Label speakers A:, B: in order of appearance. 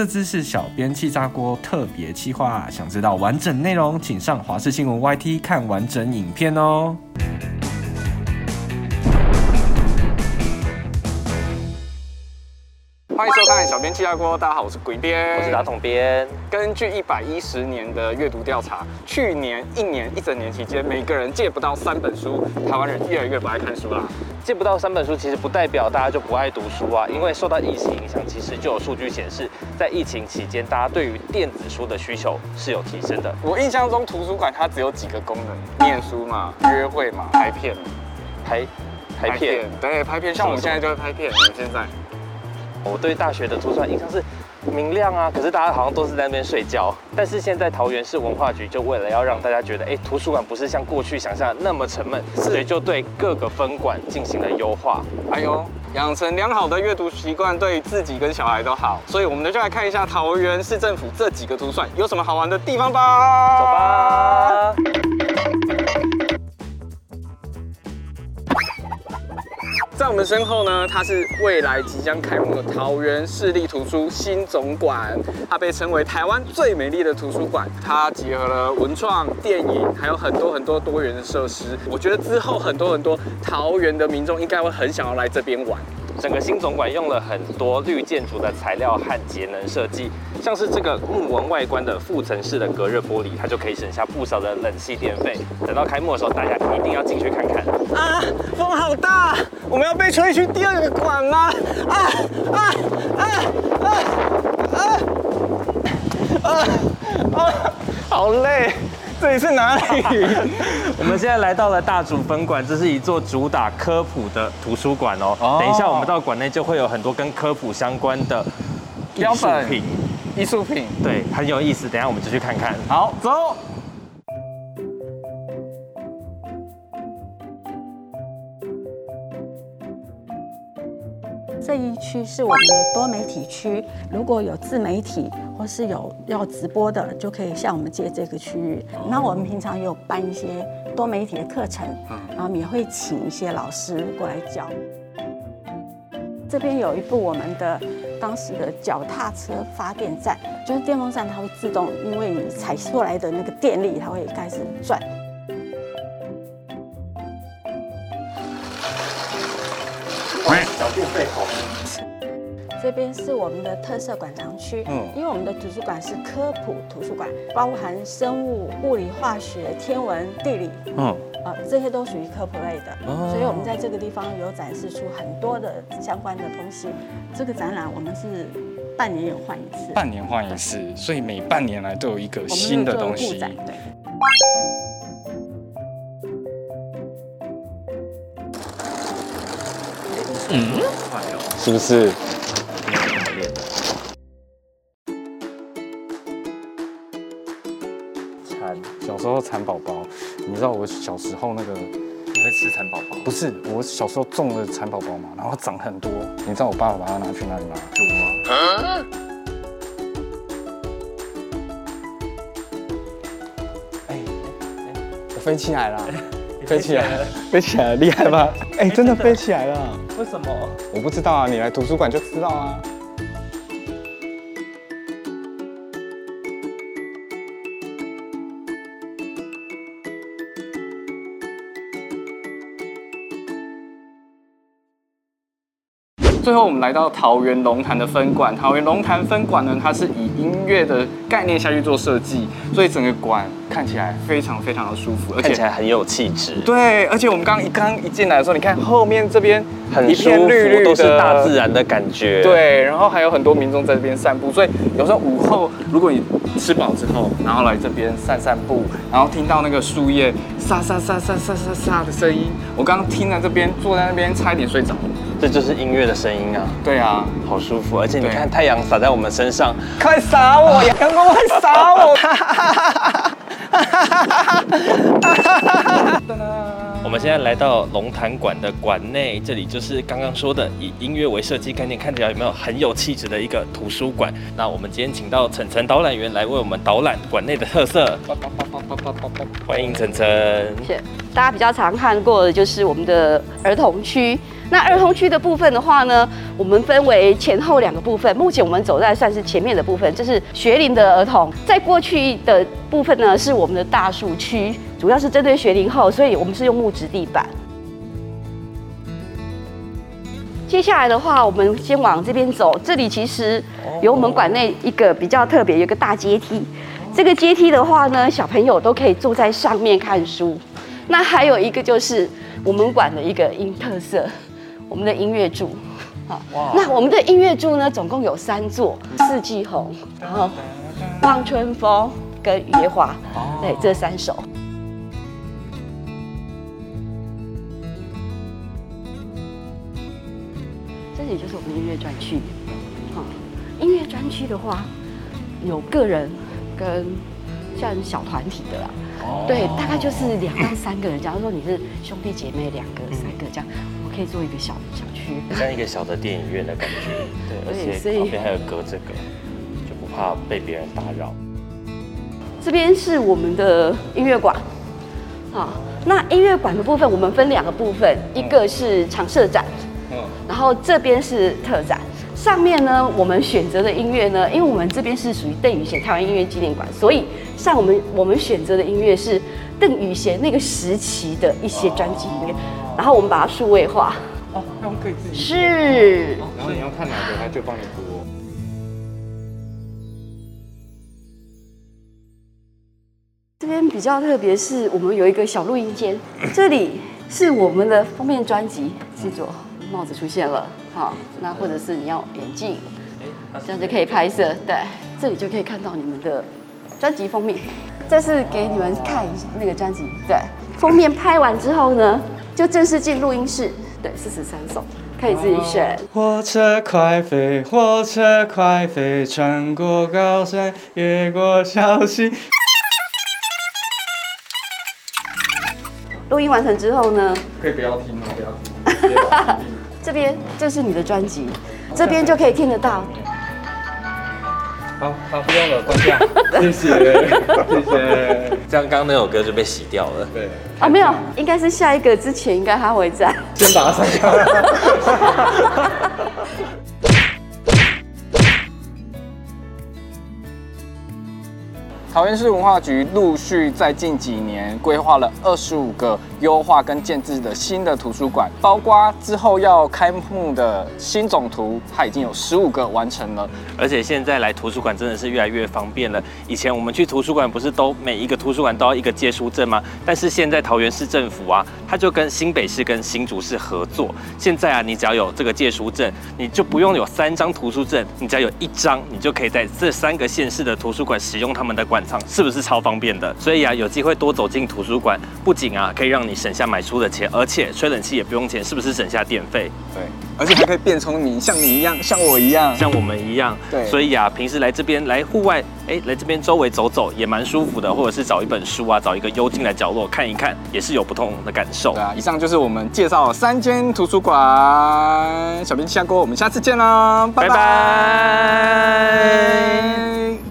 A: 這只是小編氣炸鍋特別企劃，想知道完整內容，請上華視新聞 YT 看完整影片哦。編氣炸鍋，大家好，我是滾一編，我是打統編。根據一百一十年的閱讀調查，去年
B: 一年一整年期間，每個人借不到三本書，台灣人越來越不愛看書啦。借不到三本書，其實不代表大家就不愛讀書啊，因為受到疫情影響，其實就有數據顯示，在疫情期間，大家對於電子書的需求是有提升的。我印象中圖書館它只有幾個功能：念書嘛，約會嘛，拍片，拍拍片，拍片，對，拍片。像我們現在就是拍片，我們現在。我對大學的圖書館印象是明亮啊，可是大家好像都是在那邊睡覺。但是現在桃園市文化局就為了要讓大家覺得，哎、欸，圖書館不是像過去想象的那麼沉悶，所以就對各個分館進行了優化。哎
A: 呦，養成良好的閱讀習慣，對自己跟小孩都好。所以，我們就來看一下桃園市政府這幾個圖書館有什麼好玩的地方吧。走吧。在我們身後呢，它是未來即將開幕的桃園市立圖書新總館，它被稱為台灣最美麗的圖書館，它結合了文創、電影，還有很多很多多元的設施。我覺得之後很多很多桃園的民眾應該會
B: 很想要來這邊玩。整個新總館用了很多綠建築的材料和節能設計，像是這個木紋外觀的複層式的隔熱玻璃，它就可以省下不少的冷氣電費。等到開幕的時候，大家一定要進去看看、啊。
A: 啊，風好大，我們要被吹去第二個館嗎？這裡是哪裡？
B: 我們現在來到了大主分館，這是一座主打科普的圖書館哦。等一下，我們到館內就會有很多跟科普相關的雕塑品、藝術品，對，很有意思。等下我們就去看看。好，走。
C: 這一區是我們的多媒體區，如果有自媒體或是有要直播的，就可以向我們借這個區域。那我們平常也有辦一些多媒體的課程，然後也會請一些老師過來教。這邊有一部我們的當時的腳踏車發電站，就是電風扇，它會自動，因為你踩出來的那個電力，它會開始轉。這邊是我們的特色館藏區，嗯、哦，因為我們的圖書館是科普圖書館，包含生物、物理、化學、天文、地理，嗯、哦呃，這些都屬於科普類的、哦，所以我們在這個地方有展示出很多的相關的東西。這個展覽我們是半年有換一次，半
A: 年換一次，所以每半年來都有一個新的東西。.嗯，快哦、喔！是不是？蠶，小時候蠶寶寶，你知道我小時候那個
B: 你會吃蠶寶寶？
A: 不是，我小時候種了蠶寶寶嘛，然後長很多。你知道我爸爸把它拿去哪裡嗎？就我嗎？豬、欸、窩。哎，我飛起來了！飛起來了！飛起來了！厲害嗎？哎、欸，真的飛起來了，欸？
B: 為什麼？
A: 我不知道啊，你來圖書館就知道啊。嗯最後，我們來到桃園龍潭的分館。桃園龍潭分館呢，它是以音樂的概念下去做設計，所以整個館看起來非常非常
B: 的舒服，而且看起來很有氣質。
A: 對，而且我們剛剛一剛一進來的時候，你看後面這邊
B: 很一片綠綠的，都是大自然的感覺。對，
A: 然後還有很多民眾在這邊散步。所以有時候午後，如果你吃飽之後，然後來這邊散散步，然後聽到那個樹葉沙沙沙沙沙沙的聲音，我剛剛聽了這邊坐在那邊，差一點
B: 睡着。這就是音樂的聲音啊！對啊，嗯、好舒服、啊，而且你看太陽灑在我們身上，
A: 快灑我、啊，呀！剛剛快灑我！
B: 我們現在來到龍潭館的館內，這裡就是剛剛說的以音樂為設計概念，看起來有沒有很有氣質的一個圖書館？那我們今天請到晨晨導覽員來為我們導覽館內的特色。 歡迎晨晨。謝
C: 謝。大家比較常看過的就是我們的兒童區。那兒童區的部分的話呢，我們分為前後兩個部分。目前我們走在算是前面的部分，就是學齡的兒童。在過去的部分呢，是我們的大樹區，主要是針對學齡後，所以我們是用木質地板。哦、接下來的話，我們先往這邊走。這裡其實有我們館內一個比較特別，有一個大階梯。這個階梯的話呢，小朋友都可以坐在上面看書。那還有一個就是我們館的一個音特色，我們的音樂柱。那我們的音樂柱呢，總共有三座：四季紅，嗯嗯嗯嗯、然後望春風跟野花。對、哦，這三首。這裡就是我們音樂專區。音樂專區的話，有個人。跟像小團體的啦，哦、對，大概就是兩到三個人。假如說你是兄弟姐妹兩個、三個這樣，嗯、我們可以做一個小小區，
B: 像一個小的電影院的感覺。對，對，而且旁邊還有隔這個，就不怕被別人打擾。
C: 這邊是我們的音樂館、哦，那音樂館的部分我們分兩個部分，一個是常設展，嗯，然後這邊是特展。上面呢，我們選擇的音樂呢，因為我們這邊是屬於鄧雨賢台灣音樂紀念館，所以像我們我們選擇的音樂是鄧雨賢那個時期的一些專輯音樂，然後我們把它數位化哦。哦，
A: 那我可以自己。是。然後你要看哪個，他就幫你播。
C: 這邊比較特別，是，我們有一個小錄音間，這裡是我們的封面專輯制作。帽子出現了，好，那或者是你要眼鏡，這樣就可以拍攝。對，這裡就可以看到你們的專輯封面。再次給你們看那個專輯，對，封面拍完之後呢，就正式進錄音室。對，四十三首，可以自己選。
A: 火車快飛，火車快飛，穿過高山，越過小溪。
C: 錄音完成之後呢，
A: 可以不要停嗎？不要
C: 停。這邊就是你的專輯，這邊就可以聽得到。好，好，不
A: 用了，關掉。謝謝，
C: 謝謝。
B: 這樣，剛剛那首歌就被洗掉
C: 了。對。啊、哦，沒有，應該是下一個之前應該他會在。
B: 先把它刪掉。
A: 桃園市文化局陸續在近幾年規劃了二十五個優化跟建置的新的圖書館，包括之後
B: 要開幕的新總圖，它已經有十五個完成了。而且現在來圖書館真的是越來越方便了。以前我們去圖書館不是都每一個圖書館都要一個借書證嗎？但是現在桃園市政府啊，它就跟新北市跟新竹市合作，現在啊，你只要有這個借書證，你就不用有三張圖書證，你只要有一張，你就可以在這三個縣市的圖書館使用他們的館。是不是超方便的？所以呀、啊，有機會多走進圖書館，不僅啊可以讓你省下買書的錢，而且吹冷氣也不用錢，是不是省下電費？
A: 對，而且還可以變成你像你一樣，像我一樣，像我們一樣。對，所以
B: 呀、啊，平時來這邊來戶外，哎、欸，來這邊周圍走走也蠻舒服的，或者是找一本書啊，找一個幽靜的角落看一看，也是有不同的感受。對
A: 啊，以上就是我們介紹三間圖書館，小編氣炸鍋，我們下次見啦，拜拜。Bye bye